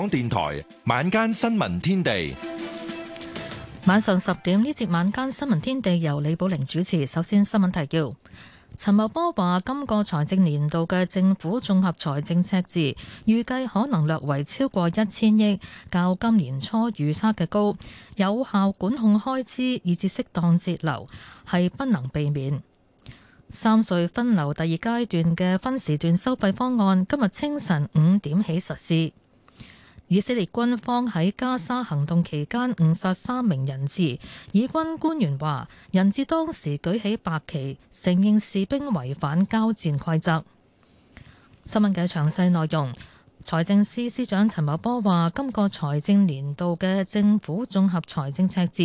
港電台晚間新聞天地，晚上十點呢節晚間新聞天地由李寶玲主持。首先新，新聞提要：陳茂波話，今個財政年度嘅政府綜合財政赤字預計可能略為超過一千億，較今年初預測嘅高。有效管控開支，以至適當節流，係不能避免。三隧分流第二階段嘅分時段收費方案，今日清晨五點起實施。以色列軍方喺加沙行動期間誤殺三名人質，以軍官員話，人質當時舉起白旗，承認士兵違反交戰規則。新聞嘅詳細內容，財政司司長陳茂波話，今個財政年度嘅政府綜合財政赤字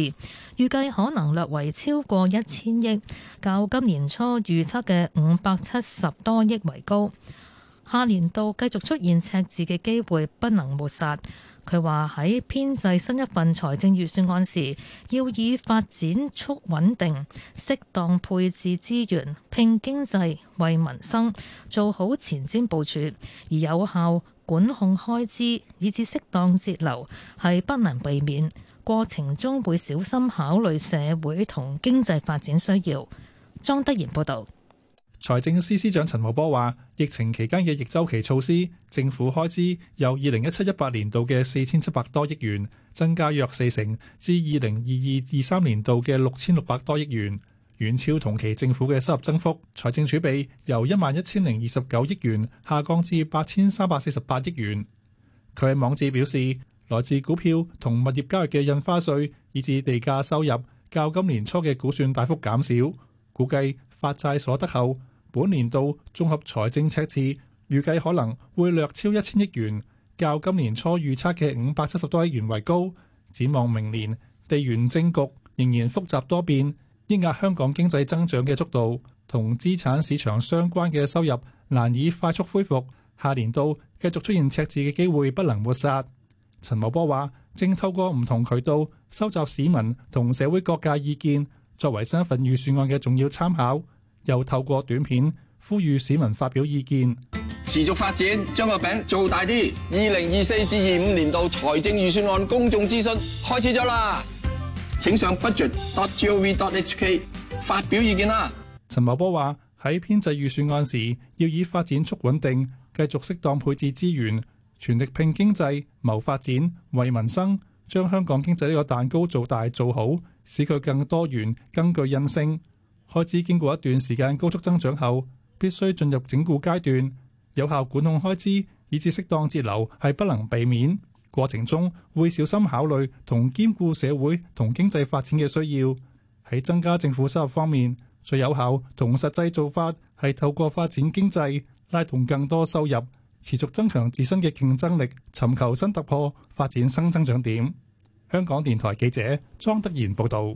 預計可能略為超過一千億，較今年初預測嘅五百七十多億為高。下年度繼續出現赤字嘅機會不能抹殺，佢話喺編製新一份財政預算案時，要以發展促穩定，適當配置資源，拼經濟為民生做好前瞻部署，而有效管控開支以至適當節流係不能避免。過程中會小心考慮社會同經濟發展需要。莊德賢報道。財政司司長陳茂波話，疫情期間嘅逆周期措施，政府開支由二零一七一八年度嘅四千七百多億元，增加約四成，至二零二二二三年度嘅六千六百多億元，遠超同期政府嘅收入增幅。財政儲備由一萬一千零二十九億元下降至八千三百四十八億元。佢喺網誌表示，來自股票同物業交易嘅印花稅，以至地價收入，較今年初嘅估算大幅減少，估計發債所得後。本年度綜合財政赤字預計可能會略超一千億元，較今年初預測嘅五百七十多億元為高。展望明年，地緣政局仍然複雜多變，抑壓香港經濟增長嘅速度，同資產市場相關嘅收入難以快速恢復。下年度繼續出現赤字嘅機會不能抹殺。陳茂波話：正透過唔同渠道收集市民同社會各界意見，作為新一份預算案嘅重要參考。又透過短片呼籲市民發表意見，持續發展將個餅做大啲。二零二四至二五年度財政預算案公眾諮詢開始咗啦，請上 budget.gov.hk 發表意見啦。陳茂波話喺編制預算案時，要以發展促穩定，繼續適當配置資源，全力拼經濟謀發展，為民生將香港經濟呢個蛋糕做大做好，使佢更多元、更具韌性。開支經過一段時間高速增長後，必須進入整固階段，有效管控開支，以至適當節流係不能避免。過程中會小心考慮同兼顧社會同經濟發展嘅需要。喺增加政府收入方面，最有效同實際做法係透過發展經濟，拉動更多收入，持續增強自身嘅競爭力，尋求新突破，發展新增長點。香港電台記者莊德賢報導。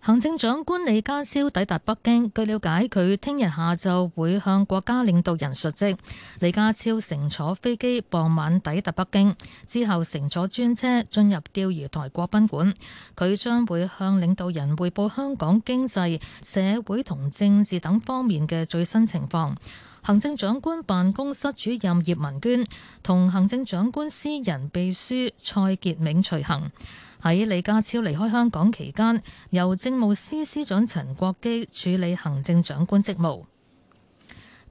行政長官李家超抵達北京。據了解，佢聽日下晝會向國家領導人述職。李家超乘坐飛機傍晚抵達北京，之後乘坐專車進入釣魚台國賓館。佢將會向領導人匯報香港經濟、社會同政治等方面嘅最新情況。行政長官辦公室主任葉文娟同行政長官私人秘書蔡杰明隨行。喺李家超離開香港期間，由政務司司長陳國基處理行政長官職務。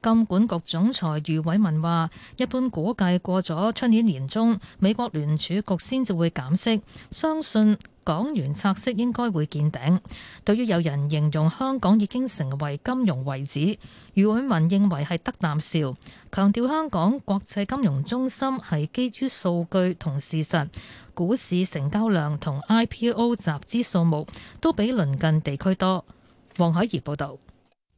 金管局總裁余偉文話，一般估計過咗春年年中，美國聯儲局先至會減息。相信，港元拆息應該會見頂。對於有人形容香港已經成為金融遺址，余偉文認為係得啖笑，強調香港國際金融中心係基於數據同事實，股市成交量同 IPO 集資數目都比鄰近地區多。黃海怡報導。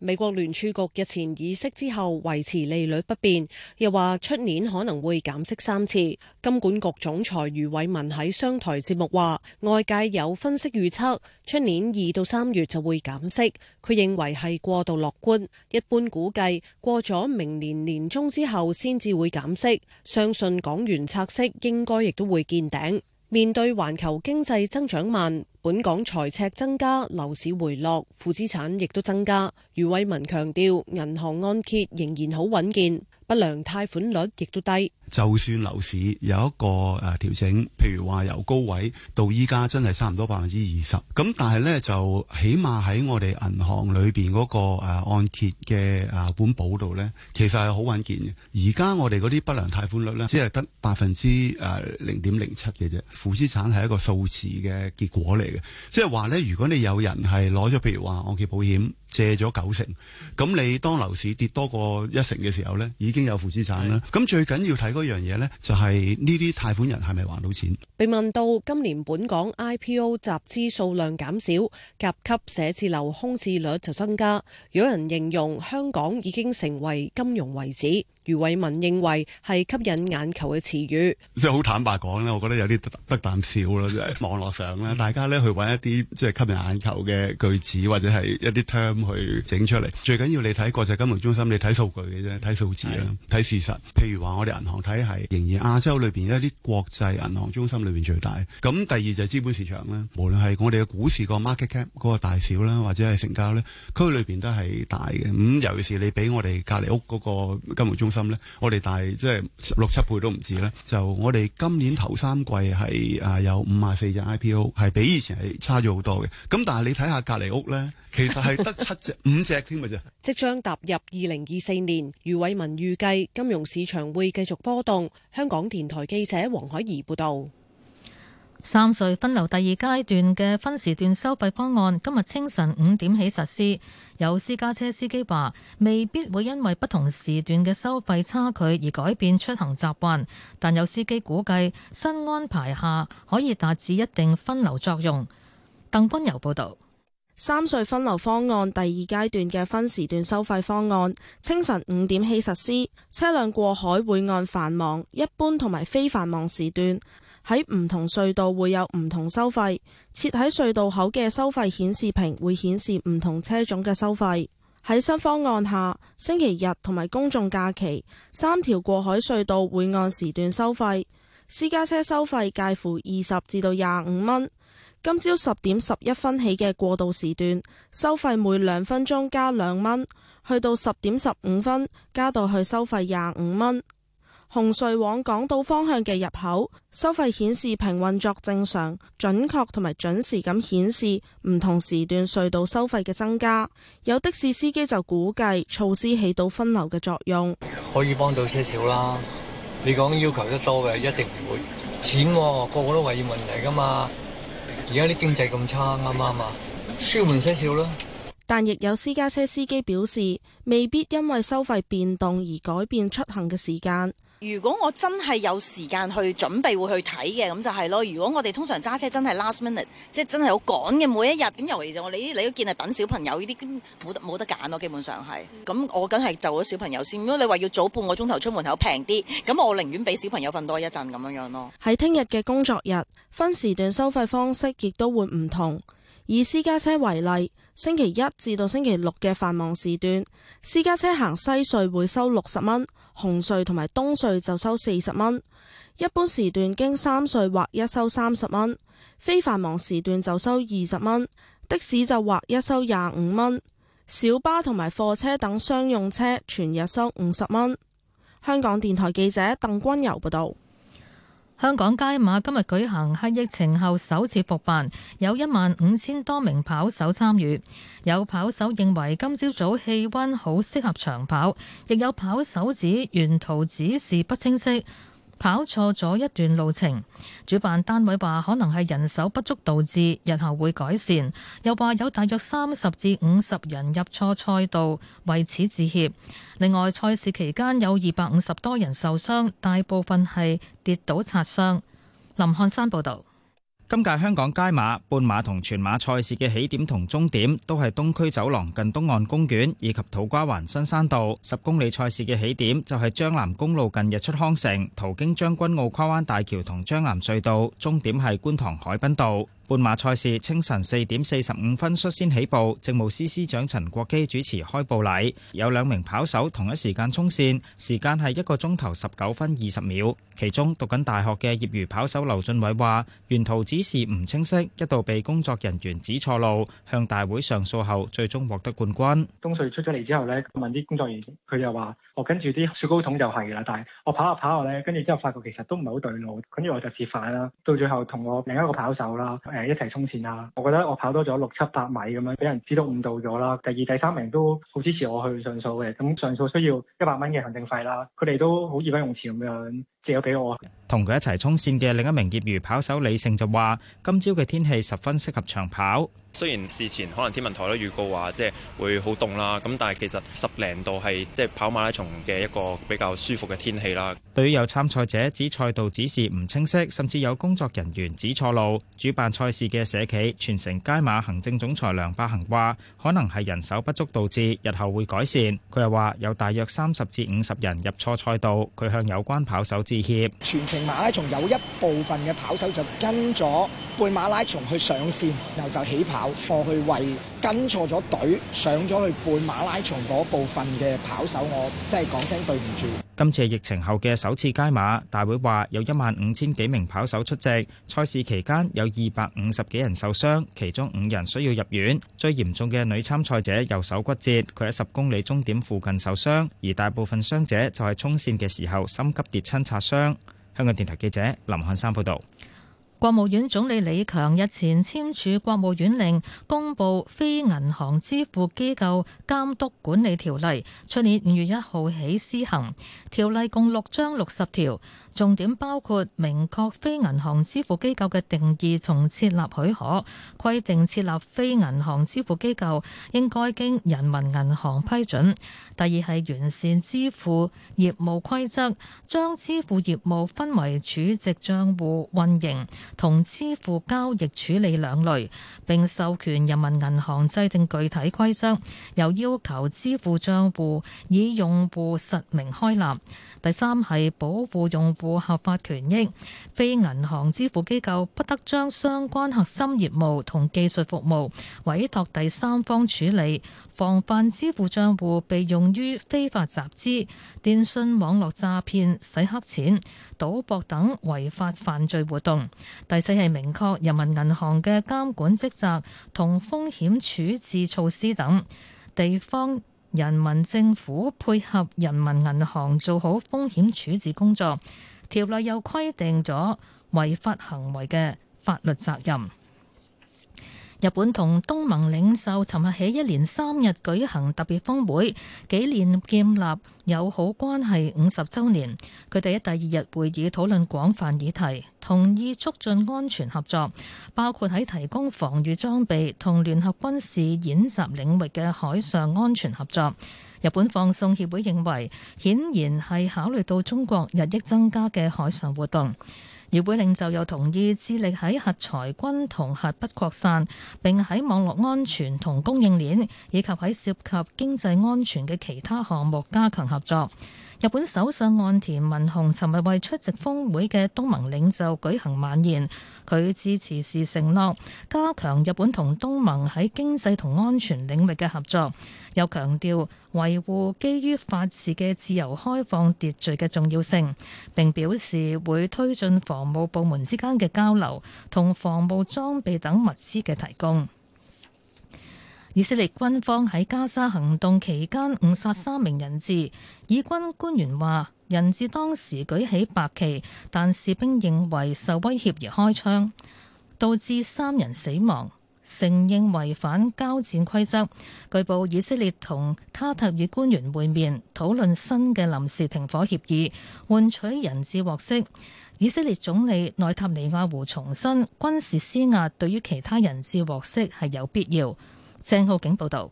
美國聯儲局日前議息之後維持利率不變，又話出年可能會減息三次。金管局總裁余偉文喺商台節目話，外界有分析預測出年二到三月就會減息，佢認為係過度樂觀。一般估計過咗明年年中之後先至會減息，相信港元拆息應該亦都會見頂。面對環球經濟增長慢。本港財赤增加，樓市回落，負資產亦都增加。余偉文強調，銀行按揭仍然好穩健，不良貸款率亦都低。就算樓市有一個誒、啊、調整，譬如話由高位到依家，真係差唔多百分之二十。咁但係咧，就起碼喺我哋銀行裏邊嗰、嗰個、啊、按揭嘅誒、啊啊、本保度咧，其實係好穩健嘅。而家我哋嗰啲不良貸款率咧，只係得百分之誒零點零七嘅啫。負資產係一個數字嘅結果嚟嘅，即係話咧，如果你有人係攞咗譬如話按揭保險借咗九成，咁你當樓市跌多過一成嘅時候咧，已經有負資產啦。咁是最緊要睇一樣嘢呢，就係呢啲貸款人係咪還到錢？被問到今年本港 IPO 集資數量減少，甲級寫字樓空置率就增加，有人形容香港已經成為金融遺址。余偉文認為係吸引眼球嘅詞語，即係好坦白講咧，我覺得有啲得啖笑咯，即係網絡上咧，大家咧去搵一啲即係吸引眼球嘅句子或者係一啲 term 去整出嚟。最緊要你睇國際金融中心，你睇數據嘅啫，睇數字啦，睇事實。譬如話我哋銀行睇係仍然亞洲裏邊一啲國際銀行中心裏邊最大。咁第二就係資本市場咧，無論係我哋嘅股市個 market cap 嗰個大小啦，或者係成交咧，區裏邊都係大嘅。咁尤其是你俾我哋隔籬屋嗰個金融中心。咧，我哋大即係六七倍都唔止咧。就我哋今年頭三季係，啊，有五十四隻 IPO，係比以前係差咗好多嘅。咁但係你睇下隔籬屋呢，其實係得七隻五隻添嘅啫。即將踏入二零二四年，余偉文預計金融市場會繼續波動。香港電台記者黃海怡報道。三隧分流第二階段嘅分時段收費方案今日清晨五點起實施。有私家車司機話，未必會因為不同時段嘅收費差距而改變出行習慣，但有司機估計新安排下可以達至一定分流作用。鄧君游報道，三隧分流方案第二階段嘅分時段收費方案，清晨五點起實施，車輛過海會按繁忙、一般同埋非繁忙時段。喺唔同隧道會有唔同收費，設喺隧道口嘅收費顯示屏會顯示唔同車種嘅收費。喺新方案下，星期日同埋公眾假期，三條過海隧道會按時段收費，私家車收費介乎二十至到廿五蚊。今朝十點十一分起嘅過渡時段，收費每兩分鐘加兩蚊，去到十點十五分，加到去收費廿五蚊。紅隧往港島方向嘅入口收費顯示屏運作正常，準確同埋準時咁顯示唔同時段隧道收費嘅增加。有的士司機就估計措施起到分流嘅作用，可以幫到些少啦。你講要求得多嘅一定唔會錢、啊、個個都為要問題噶嘛。而家啲經濟咁差，啱唔啱啊？舒緩些少啦。但亦有私家車司機表示，未必因為收費變動而改變出行嘅時間。如果我真係有時間去準備，會去睇嘅咁就係咯。如果我哋通常揸車真係 last minute，即係真係好趕嘅每一日咁，尤其就我哋呢，你都見係等小朋友呢啲冇冇得揀咯。基本上係咁，我梗係就咗小朋友先。如果你話要早半個鐘頭出門口平啲，咁我寧願俾小朋友瞓多一陣咁樣樣咯。喺聽日嘅工作日，分時段收費方式亦都會唔同，以私家車為例。星期一至到星期六嘅繁忙時段，私家車行西隧會收六十蚊，紅隧同埋東隧就收四十蚊。一般時段經三隧劃一收三十蚊，非繁忙時段就收二十蚊。的士就劃一收廿五蚊，小巴同埋貨車等商用車全日收五十蚊。香港電台記者鄧君柔報道。香港街馬今日舉行，係疫情後首次復辦，有一萬五千多名跑手參與。有跑手認為今朝早早氣温好適合長跑，亦有跑手指沿途指示不清晰。跑錯咗一段路程，主辦單位話可能係人手不足導致，日後會改善。又話有大約三十至五十人入錯賽道，為此致歉。另外，賽事期間有二百五十多人受傷，大部分係跌倒擦傷。林漢山報導。今屆香港街馬、半馬同全馬賽事嘅起點同終點都係東區走廊近東岸公園，以及土瓜灣新山道。十公里賽事嘅起點就係將南公路近日出康城，途經將軍澳跨灣大橋同將南隧道，終點係觀塘海濱道。半馬賽事清晨四點四十五分率先起步，政務司司長陳國基主持開步禮。有兩名跑手同一時間衝線，時間係一個鐘頭十九分二十秒。其中讀緊大學嘅業餘跑手劉俊偉話，沿途指示唔清晰，一度被工作人員指錯路，向大會上訴後，最終獲得冠軍。東隧，出咗嚟之後咧，問啲工作人員，佢又話：我跟住啲雪糕筒就係啦，但係我跑下跑下咧，跟住之後發覺其實都唔係好對路，跟住我就折返啦。到最後同我另一個跑手啦。誒一齊衝線啊！我覺得我跑多咗六七百米咁樣，俾人知道誤導咗啦。第二第三名都好支持我去上訴嘅，咁上訴需要一百蚊嘅行政費啦。佢哋都好義不容辭咁樣。借咗俾啊！同佢一齊衝線嘅另一名業餘跑手李勝就話：今朝嘅天氣十分適合長跑。雖然事前可能天文台都預告話即係會好凍啦，咁但係其實十零度係即係跑馬拉松嘅一個比較舒服嘅天氣啦。對於有參賽者指賽道指示唔清晰，甚至有工作人員指錯路，主辦賽事嘅社企全城街馬行政總裁梁百恆話：可能係人手不足導致，日後會改善。佢又話有大約三十至五十人入錯賽道，佢向有關跑手。致全程馬拉松有一部分嘅跑手就跟咗半馬拉松去上線，然後就起跑，我去為跟錯咗隊上咗去半馬拉松部分嘅跑手，我真係講聲對唔住。今次疫情後嘅首次街馬大會話，有一萬五千幾名跑手出席，賽事期間有二百五十幾人受傷，其中五人需要入院。最嚴重嘅女參賽者右手骨折，佢喺十公里終點附近受傷，而大部分傷者就係衝線嘅時候心急跌親擦傷。香港電台記者林漢山報道。國務院總理李強日前簽署國務院令，公布《非銀行支付機構監督管理條例》，出年五月一號起施行。條例共六章六十條。重點包括明確非銀行支付機構嘅定義從設立許可，規定設立非銀行支付機構應該經人民銀行批准。第二係完善支付業務規則，將支付業務分為儲值帳戶運營同支付交易處理兩類，並授權人民銀行制定具體規則，又要求支付帳戶以用戶實名開立。第三係保護用戶合法權益，非銀行支付機構不得將相關核心業務同技術服務委託第三方處理，防範支付帳戶被用於非法集資、電信網絡詐騙、洗黑錢、賭博等違法犯罪活動。第四係明確人民銀行嘅監管職責同風險處置措施等地方。人民政府配合人民銀行做好風險處置工作，條例又規定咗違法行為嘅法律責任。日本同東盟領袖尋日起一連三日舉行特別峰會，紀念建立友好關係五十周年。佢哋喺第二日會議討論廣泛議題，同意促進安全合作，包括喺提供防禦裝備同聯合軍事演習領域嘅海上安全合作。日本放送協會認為，顯然係考慮到中國日益增加嘅海上活動。姚會領袖又同意致力喺核裁軍同核不擴散，並喺網絡安全同供應鏈，以及喺涉及經濟安全嘅其他項目加強合作。日本首相岸田文雄尋日為出席峰會嘅東盟領袖舉行晚宴，佢致辭時承諾加強日本同東盟喺經濟同安全領域嘅合作，又強調維護基於法治嘅自由開放秩序嘅重要性，並表示會推進防務部門之間嘅交流同防務裝備等物資嘅提供。以色列軍方喺加沙行動期間誤殺三名人質，以軍官員話：人質當時舉起白旗，但士兵認為受威脅而開槍，導致三人死亡，承認違反交戰規則。據報以色列同卡塔爾官員會面，討論新嘅臨時停火協議，換取人質獲釋。以色列總理內塔尼亞胡重申，軍事施壓對於其他人質獲釋係有必要。鄭浩景報道：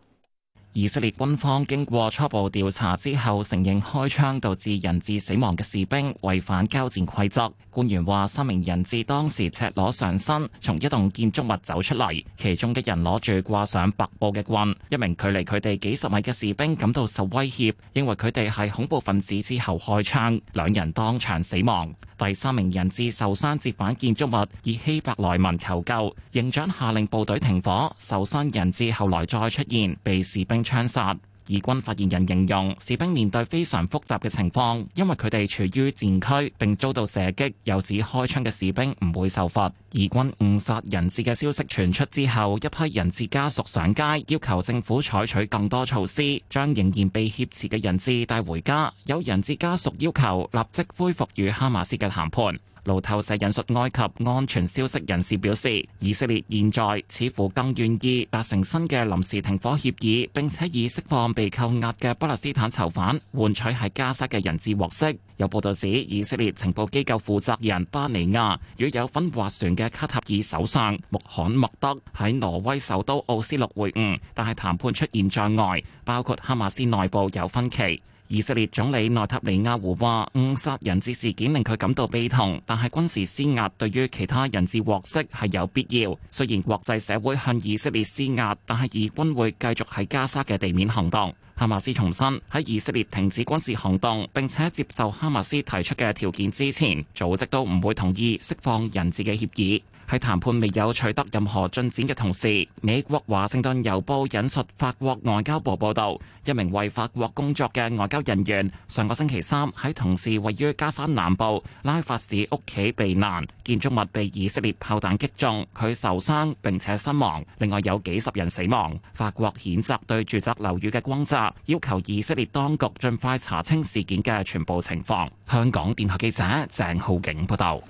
以色列軍方經過初步調查之後，承認開槍導致人質死亡嘅士兵違反交戰規則。官員話，三名人質當時赤裸上身，從一棟建築物走出嚟，其中一人攞住掛上白布嘅棍。一名距離佢哋幾十米嘅士兵感到受威脅，認為佢哋係恐怖分子之後開槍，兩人當場死亡。第三名人質受傷折返建築物，以希伯來文求救。營長下令部隊停火，受傷人質後來再出現，被士兵槍殺。以軍發言人形容，士兵面對非常複雜嘅情況，因為佢哋處於戰區並遭到射擊，又指開槍嘅士兵唔會受罰。以軍誤殺人質嘅消息傳出之後，一批人質家屬上街要求政府採取更多措施，將仍然被挾持嘅人質帶回家。有人質家屬要求立即恢復與哈馬斯嘅談判。路透社引述埃及安全消息人士表示，以色列現在似乎更願意達成新嘅臨時停火協議，並且以釋放被扣押嘅巴勒斯坦囚犯換取系加沙嘅人質獲釋。有報道指，以色列情報機構負責人巴尼亞與有份斡旋嘅卡塔爾首相穆罕默德喺挪威首都奧斯陸會晤，但係談判出現障礙，包括哈馬斯內部有分歧。以色列總理內塔尼亞胡話誤殺人質事件令佢感到悲痛，但係軍事施壓對於其他人質獲釋係有必要。雖然國際社會向以色列施壓，但係以軍會繼續喺加沙嘅地面行動。哈馬斯重申，喺以色列停止軍事行動並且接受哈馬斯提出嘅條件之前，組織都唔會同意釋放人質嘅協議。喺談判未有取得任何進展嘅同時，美國華盛頓郵報引述法國外交部報導，一名為法國工作嘅外交人員，上個星期三喺同事位於加沙南部拉法市屋企避難，建築物被以色列炮彈擊中，佢受傷並且身亡。另外有幾十人死亡。法國譴責對住宅樓宇嘅轟炸，要求以色列當局盡快查清事件嘅全部情況。香港電台記者鄭浩景報道。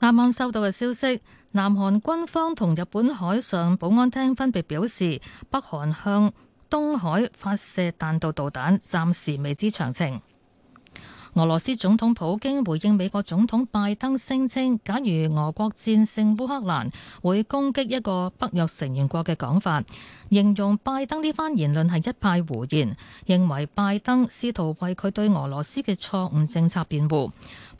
啱啱收到嘅消息，南韓軍方同日本海上保安廳分別表示，北韓向東海發射彈道導彈，暫時未知詳情。俄羅斯總統普京回應美國總統拜登聲稱，假如俄國戰勝烏克蘭，會攻擊一個北約成員國嘅講法，形容拜登呢番言論係一派胡言，認為拜登試圖為佢對俄羅斯嘅錯誤政策辯護。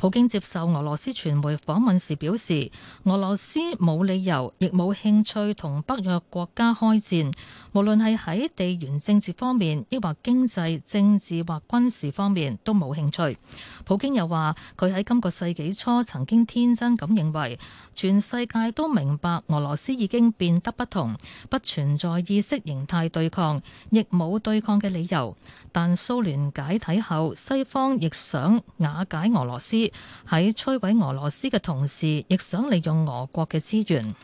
普京接受俄羅斯傳媒訪問時表示，俄羅斯冇理由亦冇興趣同北約國家開戰，無論係喺地緣政治方面，抑或經濟政治或軍事方面都冇興趣。普京又話，佢喺今個世紀初曾經天真咁認為全世界都明白俄羅斯已經變得不同，不存在意識形態對抗，亦冇對抗嘅理由。但蘇聯解體後西方亦想瓦解俄羅斯。喺摧毀俄羅斯嘅同時，亦想利用俄國嘅資源。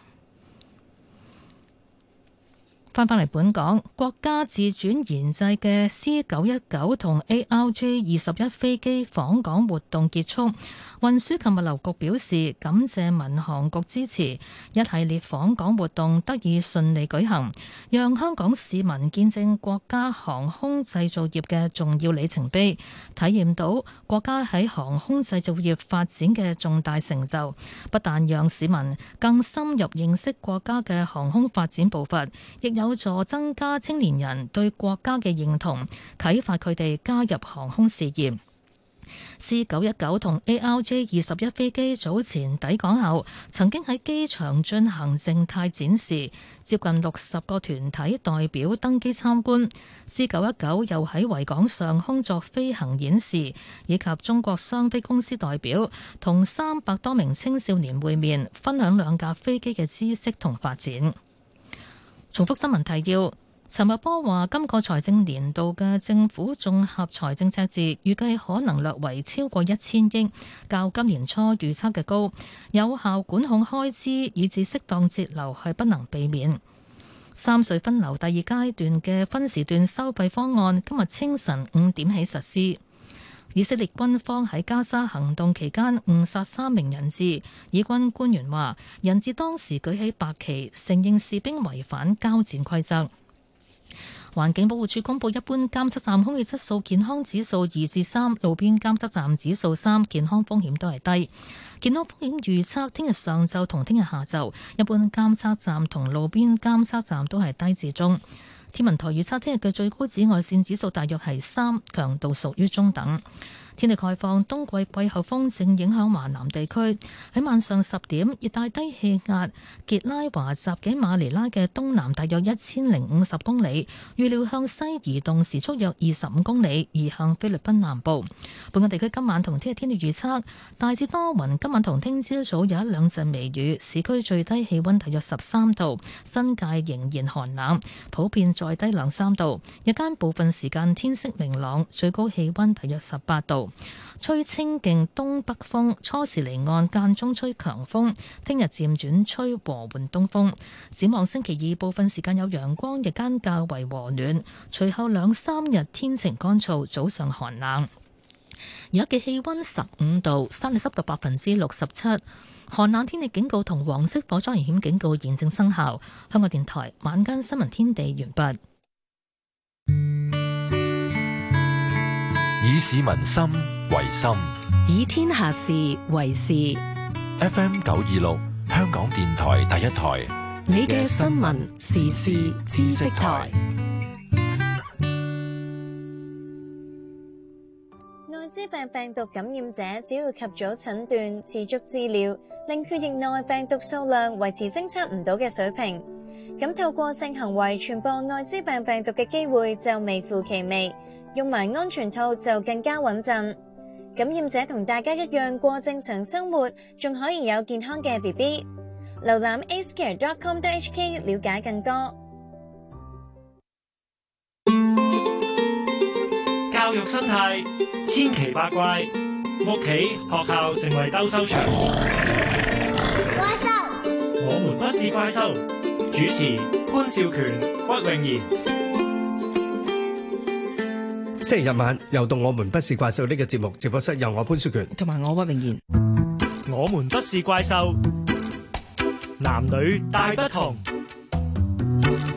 翻返嚟本港，國家自主研製嘅 C 九一九同 A R J 二十一飛機訪港活動結束。運輸及物流局表示，感謝民航局支持，一系列訪港活動得以順利舉行，讓香港市民見證國家航空製造業嘅重要里程碑，體驗到國家喺航空製造業發展嘅重大成就。不但讓市民更深入認識國家嘅航空發展步伐，亦有助增加青年人對國家嘅認同，啟發佢哋加入航空事業。C 九一九同 ARJ 二十一飛機早前抵港後，曾經喺機場進行靜態展示，接近六十個團體代表登機參觀。C 九一九又喺維港上空作飛行演示，以及中國商飛公司代表同三百多名青少年會面，分享兩架飛機嘅知識同發展。重複新聞提要。陳茂波話，今個財政年度嘅政府綜合財政赤字預計可能略為超過一千億，較今年初預測嘅高。有效管控開支以至適當節流係不能避免。三隧分流第二階段嘅分時段收費方案今日清晨五點起實施。以色列軍方喺加沙行動期間誤殺三名人質，以軍官員話，人質當時舉起白旗，承認士兵違反交戰規則。環境保護署公布一般監測站空氣質素健康指數二至三，路邊監測站指數三，健康風險都係低。健康風險預測，聽日上晝同聽日下晝，一般監測站同路邊監測站都係低至中。天文台預測聽日嘅最高紫外線指數大約係三，強度屬於中等。天氣概況，冬季季候風正影響華南地區。喺晚上十點，熱帶低氣壓傑拉華集結馬尼拉嘅東南，大約一千零五十公里。預料向西移動時速約二十五公里，移向菲律賓南部。本港地區今晚同聽日天氣預測大致多雲，今晚同聽朝早有一兩陣微雨。市區最低氣温大約十三度，新界仍然寒冷，普遍再低兩三度。日間部分時間天色明朗，最高氣温大約十八度。吹清勁東北風，初時離岸間中吹強風，聽日漸轉吹和緩東風。展望星期二部分時間有陽光，日間較為和暖，隨後兩三日天晴乾燥，早上寒冷。而家嘅氣温十五度，相對濕度百分之六十七。寒冷天氣警告同黃色火災危險警告現正生效。香港電台晚間新聞天地完畢。以市民心為心，以天下事為事。FM 九二六，香港電台第一台。你嘅新聞時事知識台。艾滋病病毒感染者只要及早診斷、持續治療，令血液內病毒數量維持偵測唔到嘅水平，咁透過性行為傳播艾滋病病毒嘅機會就微乎其微。用埋安全套就更加穩陣，感染者同大家一樣過正常生活，仲可以有健康嘅 B B。瀏覽 a care dot com dot hk 了解更多。教育生態千奇百怪，屋企、學校成為鬥獸場。怪獸，我們不是怪獸。主持：潘少權、屈永賢。星期日晚又到我們不是怪獸呢，這個節目直播室由我潘雪權同埋我屈穎妍。我們不是怪獸，男女大不同。誒，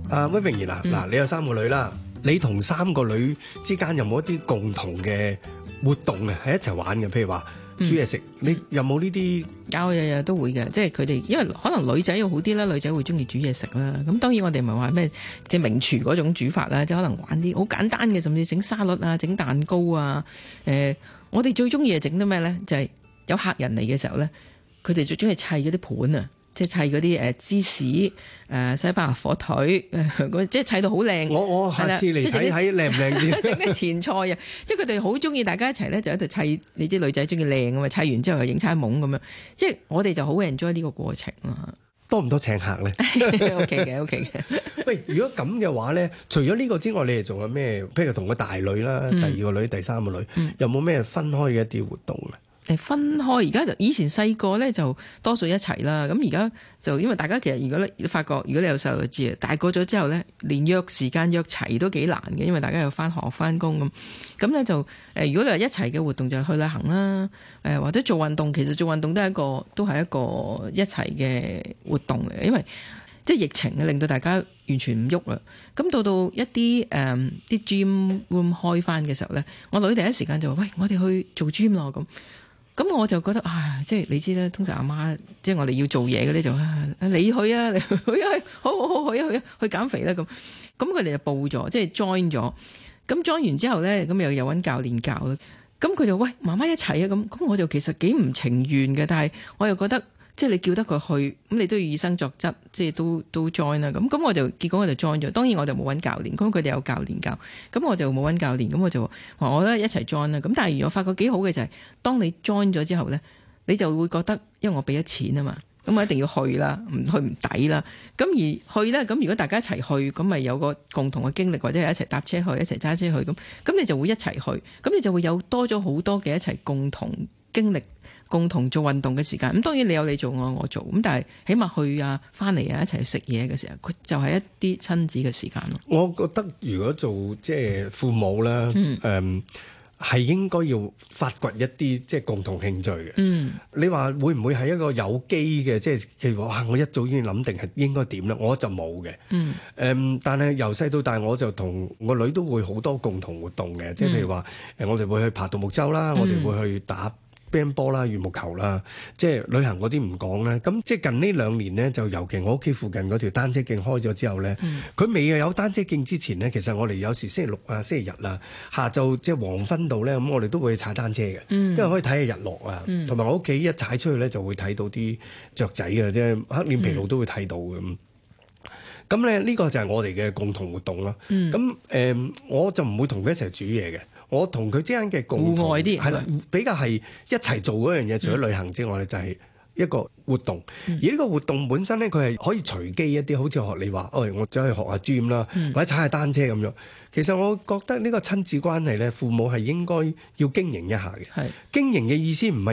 屈穎妍啊，嗱，啊，嗯，你有三個女啦，你同三個女之間有冇一啲共同嘅活動啊？喺一齊玩嘅，譬如話。煮嘢食，你有冇呢啲？有，日日都會嘅，即係佢哋，因為可能女仔要好啲啦，女仔會中意煮嘢食啦。咁當然我哋唔係話咩，即係名廚嗰種煮法啦，即係可能玩啲好簡單嘅，甚至整沙律啊、整蛋糕啊。誒、呃，我哋最中意係整啲咩咧？就係、是、有客人嚟嘅時候咧，佢哋最中意砌嗰啲盤啊。即係砌嗰啲誒芝士、誒、呃、西班牙火腿， 即係砌到好靚。我我下次嚟睇睇靚唔靚先。整啲不 前菜啊！ 即係佢哋好中意大家一齊咧，就喺度砌。你啲女仔中意靚啊嘛，砌完之後又影餐懵咁樣。即係我哋就好 enjoy 呢個過程啊。多唔多請客咧 ？OK 嘅 OK 嘅。 喂，如果咁嘅話咧，除咗呢個之外，你哋仲有咩？譬如同個大女啦、嗯、第二個女、第三個女，有冇咩分開嘅一啲活動啊？分開而家就以前細個呢，就多數一齊啦。咁而家就因為大家其實如果你發覺如果你有細路就知啊，大個咗之後呢，連約時間約齊都幾難嘅，因為大家要翻學翻工咁。咁呢，就誒、呃，如果你話一齊嘅活動就去旅行啦，誒、呃、或者做運動，其實做運動都係一個都係一個一齊嘅活動嚟嘅，因為即係、就是、疫情令到大家完全唔喐啦。咁到到一啲誒啲、呃、gym room 開翻嘅時候呢，我女第一時間就話，喂，我哋去做 gym 咯咁。咁我就覺得唉，即係你知啦，通常阿媽，即係我哋要做嘢嘅呢就啊，你去啊，你去啊，去好好好去啊，去啊，去減肥啦咁，咁佢哋就報咗，即係 join 咗。咁 join 完之後咧，咁又又揾教練教咯。咁佢就喂，媽媽一齊啊，咁咁我就其實幾唔情願嘅，但係我又覺得。即係你叫得佢去，咁你都要以身作則，即係都都 join 啦咁。咁我就結果我就 join 咗。當然我就冇揾教練，咁佢哋有教練教。咁我就冇揾教練。咁我就話我覺得一齊 join 啦。咁但係如果發覺幾好嘅就係、是，當你 join 咗之後呢，你就會覺得，因為我俾咗錢啊嘛，咁我一定要去啦，唔去唔抵啦。咁而去呢，咁如果大家一齊去，咁咪有個共同嘅經歷，或者係一齊搭車去，一齊揸車去咁，咁你就會一齊去，咁你就會有多咗好多嘅一齊共同經歷。共同做運動嘅時間，咁當然你有你做，我有我做，咁但係起碼去啊、翻嚟啊，一齊食嘢嘅時候，佢就係、是、一啲親子嘅時間咯。我覺得如果做即係父母咧，誒係、嗯嗯、應該要發掘一啲即係共同興趣嘅。嗯，你話會唔會係一個有機嘅？即係譬如話，我一早已經諗定係應該點咧，我就冇嘅。嗯，誒、嗯，但係由細到大，我就同我女都會好多共同活動嘅，即係譬如話，誒、嗯，我哋會去爬獨木舟啦，嗯、我哋會去打乒乓波啦，羽毛球啦，即係旅行嗰啲唔講啦。咁即係近呢兩年咧，就尤其我屋企附近嗰條單車徑開咗之後咧，佢未、嗯、有單車徑之前咧，其實我哋有時星期六啊、星期日啦、下晝即係黃昏度咧，咁我哋都會去踩單車嘅，嗯、因為可以睇下日落啊，同埋、嗯、我屋企一踩出去咧就會睇到啲雀仔啊，即係黑臉琵鷺都會睇到嘅。咁咧呢個就係我哋嘅共同活動啦。咁誒、嗯呃，我就唔會同佢一齊煮嘢嘅。我同佢之間嘅共同啲係啦，比較係一齊做嗰樣嘢。除咗旅行之外，咧就係、是、一個活動，而呢個活動本身咧，佢係可以隨機一啲，好似學你話，誒、哎，我走去學下 gym 啦，或者踩下單車咁樣。其實我覺得呢個親子關係咧，父母係應該要經營一下嘅。係經營嘅意思唔係。